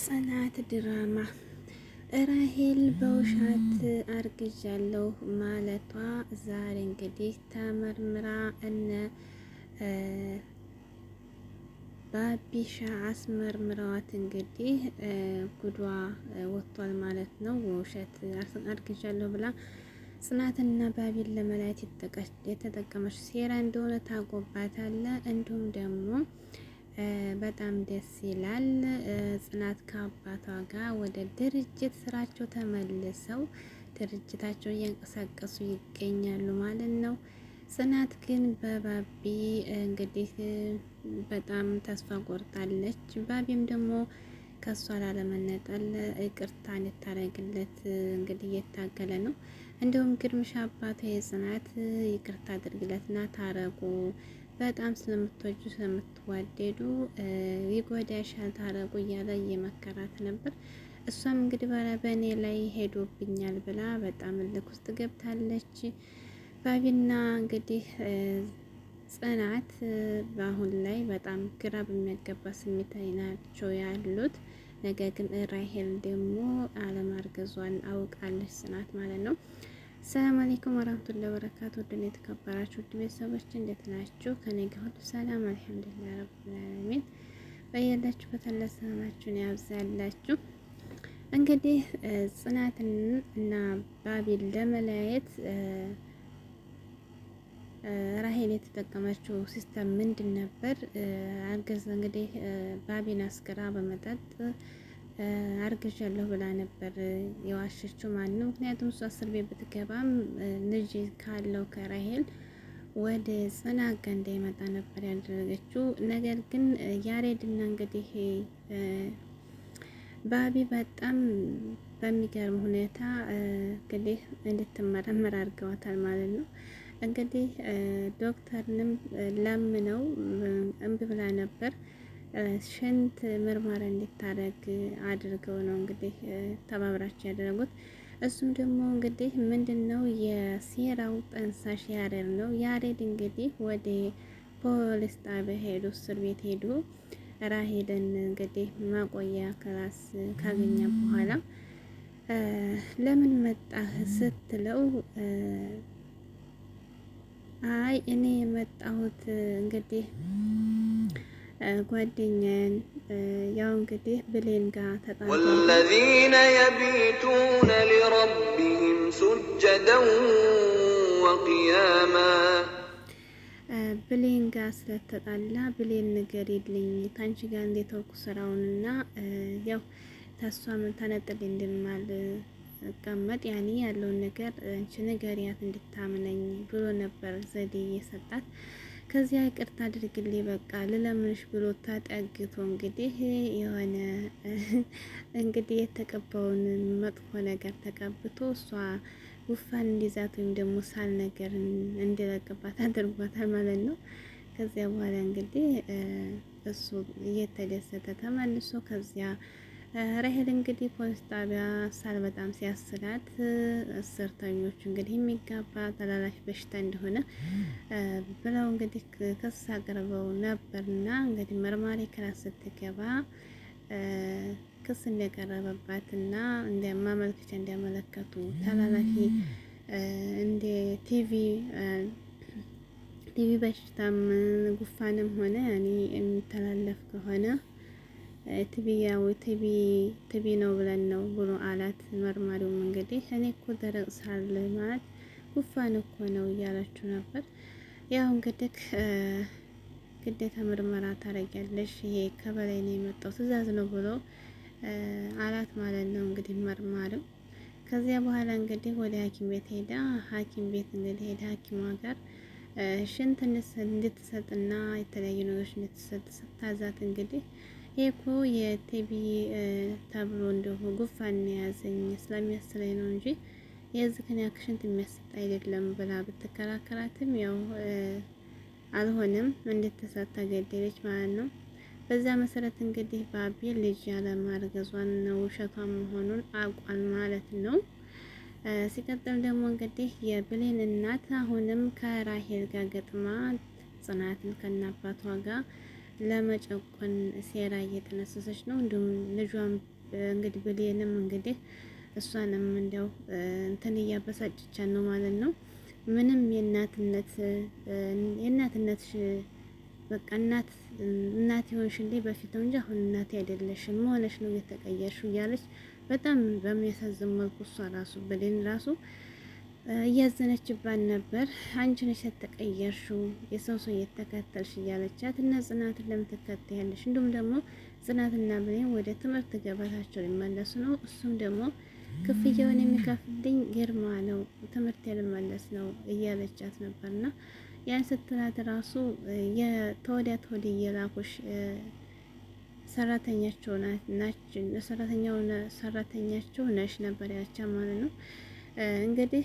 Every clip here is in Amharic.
ጽናት ድራማ ራሄል በውሸት አርግዣለሁ ማለቷ ዛሬ እንግዲህ ተመርምራ እነ ባቢሻ አስመርምረዋት እንግዲህ ጉዷ ወጥቷል ማለት ነው። ውሸት አርግዣለሁ ብላ ጽናትና ባቢን ለመለየት የተጠቀመች ሴራ እንደሆነ ታጎባታለ እንዲሁም ደግሞ በጣም ደስ ይላል። ጽናት ከአባቷ ጋር ወደ ድርጅት ስራቸው ተመልሰው ድርጅታቸው እያንቀሳቀሱ ይገኛሉ ማለት ነው። ጽናት ግን በባቢ እንግዲህ በጣም ተስፋ ቆርጣለች። ባቢም ደግሞ ከሷ ላለመነጠል ይቅርታ እንድታደርግለት እንግዲህ እየታገለ ነው። እንዲሁም ግርምሻ አባቷ የጽናት ይቅርታ አድርግለትና ታረቁ በጣም ስለምትወጁ ስለምትዋደዱ ይጎዳሻል ታረቁ እያለ እየመከራት ነበር። እሷም እንግዲህ ባላ በእኔ ላይ ሄዶብኛል ብላ በጣም እልክ ውስጥ ገብታለች። ባቢና እንግዲህ ጽናት በአሁን ላይ በጣም ግራ በሚያገባ ስሜት ላይ ናቸው ያሉት። ነገር ግን ራሄል ደግሞ አለማርገዟን አውቃለች ጽናት ማለት ነው። ሰላም አለይኩም ወራህመቱላሂ ወበረካቱ ውድና የተከበራችሁ ውድ ቤተሰቦች እንዴት ናችሁ? ከኔ ጋር ሁሉ ሰላም አልሐምዱሊላህ ረብል ዓለሚን። በያላችሁበት አላህ ሰላማችሁን ያብዛላችሁ። እንግዲህ ጽናትን እና ባቢል ለመለያየት ራሄል የተጠቀመችው ሲስተም ምንድን ነበር? አገዝ እንግዲህ ባቢን አስገራ በመጠጥ አርግዣለሁ ብላ ነበር የዋሸችው ማለት ነው። ምክንያቱም እሷ እስር ቤት ብትገባም ልጅ ካለው ከራሄል ወደ ጽናት ጋር እንዳይመጣ ነበር ያደረገችው። ነገር ግን ያሬድና እንግዲህ ባቢ በጣም በሚገርም ሁኔታ እንግዲህ እንድትመረመር አድርገዋታል ማለት ነው። እንግዲህ ዶክተርንም ለምነው እምቢ ብላ ነበር። ሽንት ምርመራ እንድታደርግ አድርገው ነው እንግዲህ ተባብራቸው ያደረጉት። እሱም ደግሞ እንግዲህ ምንድን ነው የሴራው ጠንሳሽ ያሬድ ነው። ያሬድ እንግዲህ ወደ ፖሊስ ጣቢያ ሄዱ፣ እስር ቤት ሄዱ። ራሄልን እንግዲህ ማቆያ ክላስ ካገኘ በኋላ ለምን መጣህ ስትለው አይ እኔ የመጣሁት እንግዲህ ጓደኛን ያው እንግዲህ ብሌን ጋር ተጣወለዚነ የቢቱነ ሊረቢሂም ሱጀደን ወቅያማ ብሌን ጋር ስለተጣላ ብሌን ነገር የለኝ ታንቺ ጋር እንዴት ተውኩ ስራውንና ያው ተሷም ተነጥል እንድማል ቀመጥ ያኔ ያለውን ነገር አንቺ ንገሪያት እንድታምነኝ ብሎ ነበር ዘዴ የሰጣት። ከዚያ ይቅርታ አድርግልኝ በቃ ልለምንሽ ብሎ ተጠግቶ እንግዲህ የሆነ እንግዲህ የተቀባውን መጥፎ ነገር ተቀብቶ እሷ ውፋን እንዲዛት ወይም ደግሞ ሳል ነገር እንዲለቅባት አድርጓታል ማለት ነው። ከዚያ በኋላ እንግዲህ እሱ እየተደሰተ ተመልሶ ከዚያ ራሄል እንግዲህ ፖሊስ ጣቢያ ሳል በጣም ሲያስላት እስረኞቹ እንግዲህ የሚጋባ ተላላፊ በሽታ እንደሆነ ብለው እንግዲህ ክስ አቅርበው ነበርና እንግዲህ መርማሪ ክላስ ስትገባ ክስ እንደቀረበባትና ማመልከቻ እንዲያመለከቱ ተላላፊ እንደ ቲቪ ቲቪ በሽታም ጉፋንም ሆነ እኔ የሚተላለፍ ከሆነ ትቢያው ትቢ ትቢ ነው ብለን ነው ብሎ አላት። መርማሪውም እንግዲህ እኔ እኮ ደረቅ ሳል ማለት ጉፋን እኮ ነው እያላችሁ ነበር። ያው እንግዲህ ግዴታ ምርመራ ታደርጊያለሽ፣ ይሄ ከበላይ ነው የመጣው ትዕዛዝ ነው ብሎ አላት ማለት ነው እንግዲህ መርማሪው። ከዚያ በኋላ እንግዲህ ወደ ሐኪም ቤት ሄዳ ሐኪም ቤት እንግዲህ ሄዳ ሐኪሟ ጋር ሽንት እንድትሰጥና የተለያዩ ነገሮች እንድትሰጥ ስታዛት እንግዲህ ይሄኮ የቲቢ ተብሎ እንደሆ ጉንፋን የያዘኝ ስለሚያስለኝ ነው እንጂ የዚህን ያክሽንት የሚያስጥ አይደለም ብላ ብትከራከራትም ያው አልሆነም። እንድትሰጥ ተገደለች ማለት ነው። በዛ መሰረት እንግዲህ ባቢ ልጅ ያለማርገዟን ነው ውሸቷን መሆኑን አቋል ማለት ነው። ሲቀጥል ደግሞ እንግዲህ የብሌን እናት አሁንም ከራሄል ጋር ገጥማ ጽናትን ከናባቷ ጋር ለመጨቆን ሴራ እየጠነሰሰች ነው። እንዲሁም ልጇም እንግዲህ ብሌንም እንግዲህ እሷንም እንዲያው እንትን እያበሳጭቻ ነው ማለት ነው። ምንም የእናትነት የእናትነት በቃ እናት እናት የሆንሽ እንዴ በፊት እንጂ አሁን እናት አይደለሽም መሆንሽ ነው እየተቀየርሽ እያለች በጣም በሚያሳዝን መልኩ እሷ ራሱ ብሌን ራሱ እያዘነችባት ነበር። አንቺ ነሽ የተቀየርሽው የሰው ሰው እየተከተልሽ እያለቻት እና ጽናትን ለምትከተል ያለሽ እንዲሁም ደግሞ ጽናትና ብሌን ወደ ትምህርት ገበታቸው ሊመለሱ ነው። እሱም ደግሞ ክፍያውን የሚከፍልኝ ግርማ ነው፣ ትምህርት ያልመለስ ነው እያለቻት ነበርና ያን ስትላት ራሱ የተወዲያ ተወዲ እየላኩሽ ሰራተኛቸው ናችን ሰራተኛው ሰራተኛቸው ነሽ ነበር ያቻ ማለት ነው እንግዲህ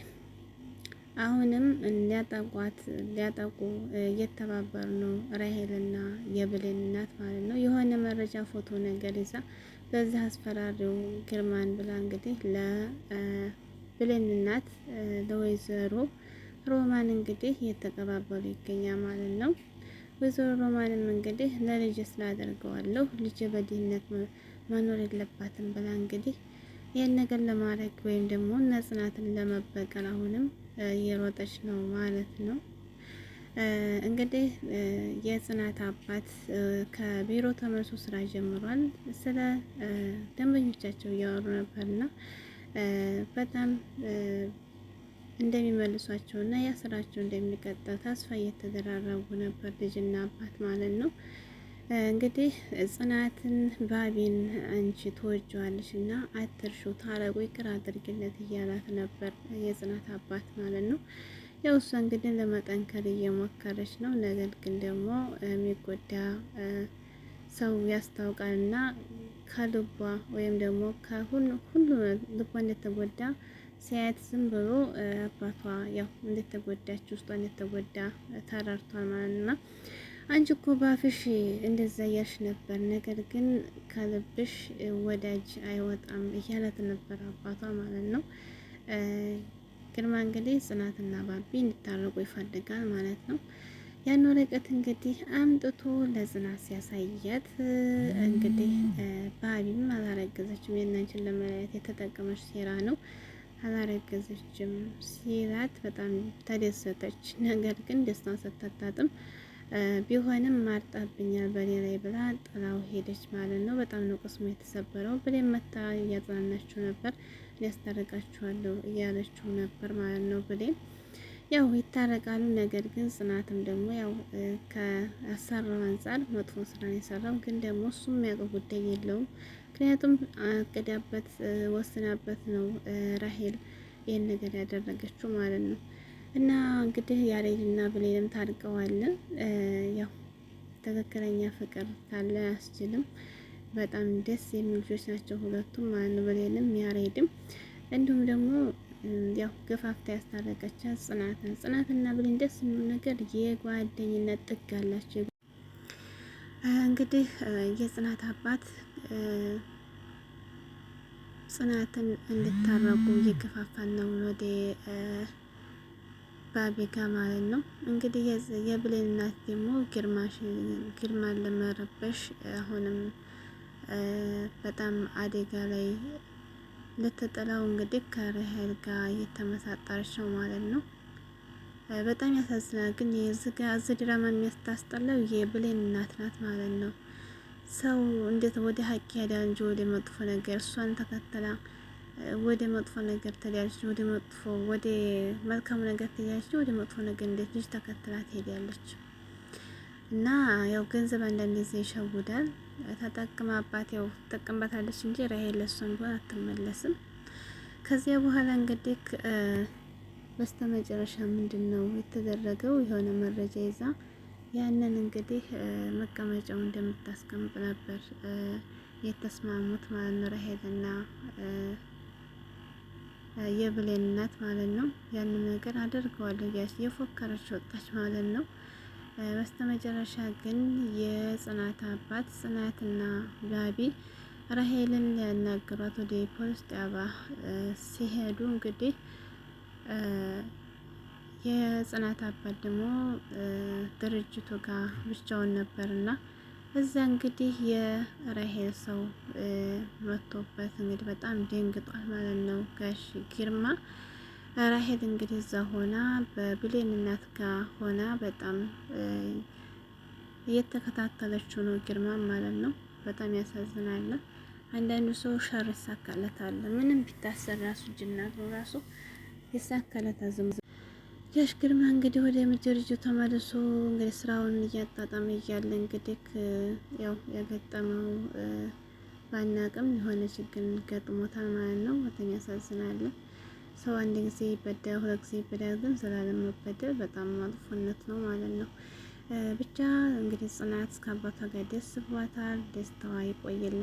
አሁንም ሊያጠቋት ሊያጠቁ እየተባበሩ ነው። ራሄልና የብሌን እናት ማለት ነው። የሆነ መረጃ ፎቶ ነገር ይዛ በዛ አስፈራሪው ግርማን ብላ እንግዲህ ለብሌን እናት ለወይዘሮ ሮማን እንግዲህ እየተቀባበሉ ይገኛል ማለት ነው። ወይዘሮ ሮማንም እንግዲህ ለልጅ ስላደርገዋለሁ ልጅ በድህነት መኖር የለባትም ብላ እንግዲህ ይህን ነገር ለማድረግ ወይም ደግሞ ነጽናትን ለመበቀል አሁንም እየሮጠች ነው ማለት ነው። እንግዲህ የጽናት አባት ከቢሮ ተመልሶ ስራ ጀምሯል። ስለ ደንበኞቻቸው እያወሩ ነበርና በጣም እንደሚመልሷቸው እና ያ ስራቸው ተስፋ እየተደራረቡ ነበር ልጅና አባት ማለት ነው። እንግዲህ ጽናትን ባቢን አንቺ ትወጂዋለሽ እና አትርሹ ታረቁ ይቅር አድርግለት እያላት ነበር የጽናት አባት ማለት ነው። ያው እሷ እንግዲህ ለመጠንከር እየሞከረች ነው። ነገር ግን ደግሞ የሚጎዳ ሰው ያስታውቃል እና ከልቧ ወይም ደግሞ ሁሉ ልቧ እንደተጎዳ ሲያየት ዝም ብሎ አባቷ ያው እንደተጎዳች ውስጧ እንደተጎዳ ተራርቷል ማለት ነው። አንቺ እኮ ባፍሽ እንደዛ እያልሽ ነበር፣ ነገር ግን ከልብሽ ወዳጅ አይወጣም እያላት ነበር አባቷ ማለት ነው። ግርማ እንግዲህ ጽናትና ባቢ እንዲታረቁ ይፈልጋል ማለት ነው። ያን ወረቀት እንግዲህ አምጥቶ ለጽናት ሲያሳያት እንግዲህ ባቢም አላረገዘችም፣ የናንችን ለመለያየት የተጠቀመች ሴራ ነው አላረገዘችም ሲላት በጣም ተደሰተች። ነገር ግን ደስታ ስታጣጥም ቢሆንም ማርጣብኛል በኔ ላይ ብላ ጥላው ሄደች ማለት ነው። በጣም ነው ቅስሙ የተሰበረው። ብሌ መታ እያጽናናችው ነበር፣ ያስታርቃችኋለሁ እያለችው ነበር ማለት ነው። ብሌ ያው ይታረቃሉ። ነገር ግን ጽናትም ደግሞ ያው ከአሰራው አንጻር መጥፎ ስራን የሰራው ግን ደግሞ እሱም የሚያውቀው ጉዳይ የለውም። ምክንያቱም አቅዳበት ወስናበት ነው ራሄል ይህን ነገር ያደረገችው ማለት ነው። እና እንግዲህ ያሬድና ብሌንም ታርቀዋል። ያው ትክክለኛ ፍቅር ካለ አያስችልም። በጣም ደስ የሚል ልጆች ናቸው ሁለቱም ማለት ነው፣ ብሌንም ያሬድም። እንዲሁም ደግሞ ያው ገፋፍታ ያስታረቀቻት ጽናትን ጽናትና ብሌን ደስ የሚል ነገር የጓደኝነት ጥግ አላቸው። እንግዲህ የጽናት አባት ጽናትን እንድታረቁ እየገፋፋን ነው ወደ ባቢጋ ማለት ነው። እንግዲህ የብሌን እናት ደግሞ ግርማን ለመረበሽ አሁንም በጣም አደጋ ላይ ልትጥለው እንግዲህ ከርሄል ጋር እየተመሳጠረች ነው ማለት ነው። በጣም ያሳዝናል። ግን እዚህ ድራማ የሚያስታስጠለው የብሌን እናት ናት ማለት ነው። ሰው እንዴት ወደ ሀቅ ያዳ እንጂ ወደ መጥፎ ነገር እሷን ተከተላ ወደ መጥፎ ነገር ትሄዳለች፣ ወደ መጥፎ ወደ መልካሙ ነገር ትሄዳለች፣ ወደ መጥፎ ነገር እንዴት ልጅ ተከትላ ትሄዳለች። እና ያው ገንዘብ አንዳንድ ጊዜ ይሸውዳል። ተጠቅማባት ያው ትጠቀምባታለች እንጂ ራሄል ለሷም ቢሆን አትመለስም። ከዚያ በኋላ እንግዲህ በስተመጨረሻ ምንድን ነው የተደረገው? የሆነ መረጃ ይዛ ያንን እንግዲህ መቀመጫው እንደምታስቀምጥ ነበር የተስማሙት ማለት ነው ራሄልና የብሌን እናት ማለት ነው። ያንን ነገር አድርገዋለሁ እያለች የፎከረች ወጣች ማለት ነው። በስተመጨረሻ ግን የጽናት አባት ጽናትና ጋቢ ራሄልን ሊያናግሯት ወደ ፖሊስ ጣቢያ ሲሄዱ እንግዲህ የጽናት አባት ደግሞ ድርጅቱ ጋር ብቻውን ነበርና እዛ እንግዲህ የራሄል ሰው መቶበት እንግዲህ በጣም ደንግጧል ማለት ነው። ጋሽ ግርማ ራሄል እንግዲህ እዛ ሆና በብሌን እናት ጋር ሆና በጣም እየተከታተለችው ነው ግርማ ማለት ነው። በጣም ያሳዝናል። አንዳንዱ ሰው ሸር ይሳካለታል። ምንም ቢታሰር ራሱ ጅናት ነው ራሱ ይሳካለታል። ያሽ ግርማ እንግዲህ ወደ ምጀርጁ ተመልሶ እንግዲህ ስራውን እያጣጣመ እያለ እንግዲህ ያው የገጠመው ባናቅም የሆነ ችግር ገጥሞታል ማለት ነው። ወተኛ ያሳዝናል። ሰው አንድ ጊዜ ይበደል፣ ሁለት ጊዜ ይበደል፣ ግን ስላለመበደል በጣም መጥፎነት ነው ማለት ነው። ብቻ እንግዲህ ጽናት ከአባቷ ጋር ደስ ብሏታል። ደስታዋ ይቆየል።